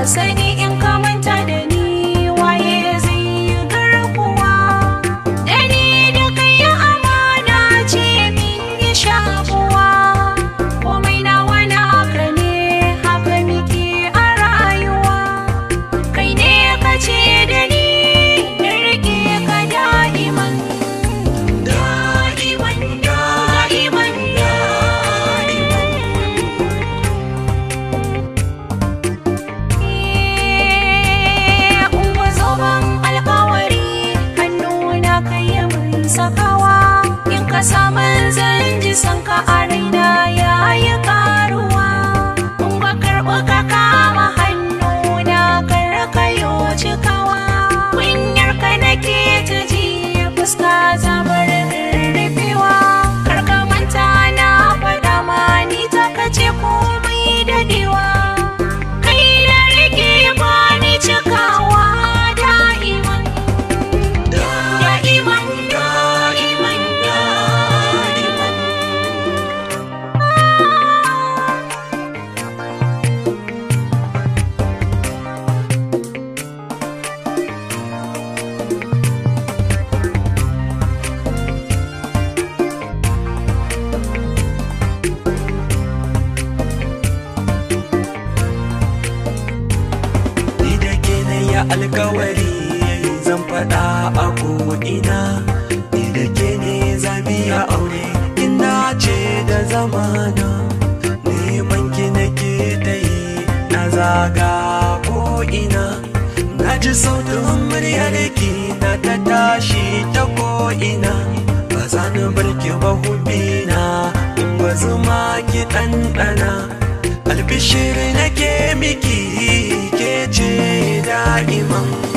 I say sakawa in ka samu zan ji alkawari zan faɗa a ko'ina ni da ke ne zamiya aure ina ce da zamana neman ki ke ta yi na zaga ko'ina na ji sautin muryar ki na ta tashi ta ko'ina ba za ni barki ba hubina in ba zuma ki ɗanɗana albishir ke miki ke ce Fatima.